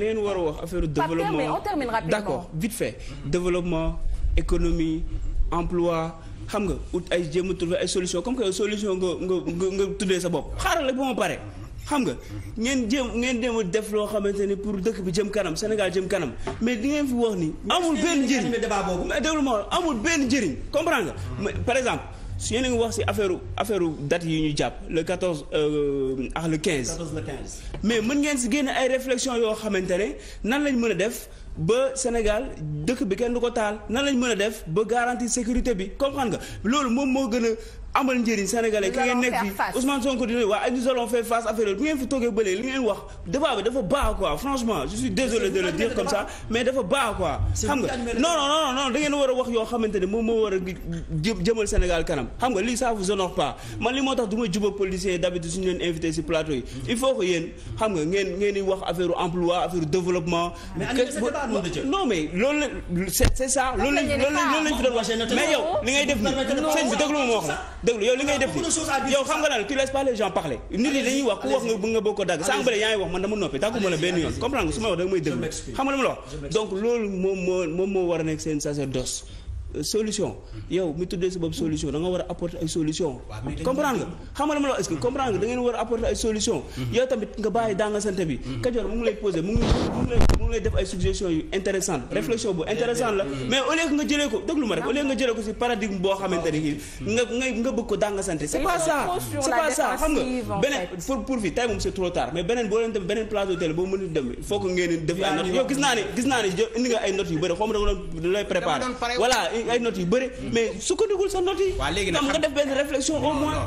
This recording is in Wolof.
li ngeen war a wax affaire développement on termine rapidement d'accord vite fait développement économie emploi xam nga ut ay jéem a trouver ay solution comme que solution nga nga nga tuddee sa bopp xaaral rek ba ma pare xam nga ngeen jéem ngeen dem def loo xamante ni pour dëkk bi jëm kanam Sénégal jëm kanam mais di ngeen fi wax ni amul benn njëriñ mais déglu ma amul benn njëriñ comprendre nga par exemple su yéen a wax ci affaire affaire dat yi ñuy jàpp le 14 euh, ax le quinze 14 mais mën ngeen si génne ay réflexion yoo xamante ne nan lañ mën a def. ba Sénégal dëkk bi kenn du ko taal nan lañ mën a def ba garantie sécurité bi comprendre nga loolu moom moo gën a amal njëriñ sénégalais. ki ngeen nekk fi Ousmane Sonko di waa ak nous allons faire face affaire yooyu bu ngeen fi toogee bële li ngeen wax débat bi dafa baax quoi franchement je suis désolé de le dire comme ça mais dafa baax quoi. xam nga non non non da war a wax yoo xamante ne moom moo war a jëmal Sénégal kanam xam nga lii ça vous moo tax du ma jubóog policiers d'habitude suñu leen invité ci plateau yi. il ngeen di wax affaire emploi affaire développement. amoon de non mais loolu la c'est c'est ça. loolu lañ loolu lañ fi doon wax mais yow li ngay def sëñ bi déglu ma wax la déglu yow li ngay def yow xam nga daal tu laisses pas les gens parler nit ñi dañuy wax ku wax nga bëgg nga boo ko dagg sànq ba yaa ngi wax man dama noppi tàgguma la benn yoon comprendre nga su ma wax da nga may déglu xam nga dama la wax loolu moom moo moom moo war a nekk seen sacerdoce Euh, solution yow mi tuddee si bopp solution da war a apporter ay solution comprendre nga xamal ma la est-ce nga da war a apporter ay solution mhm. yow tamit nga bàyyi danga sante bi mhm. Kajoor mu ngi lay poser mu ngi lay def ay suggestion yu intéressante mhm. réflexion bu intéressante la mais au lieu nga jëlee ko déglu ma rek au lieu nga jëlee ko si paradigme boo xamante ni nga nga nga bëgg ko danga sante c'est pas ça c'est pas ça xam nga beneen pour ay notes yu bëri mais su ko déglu sa notes yi. nga def benn réflexion au moins.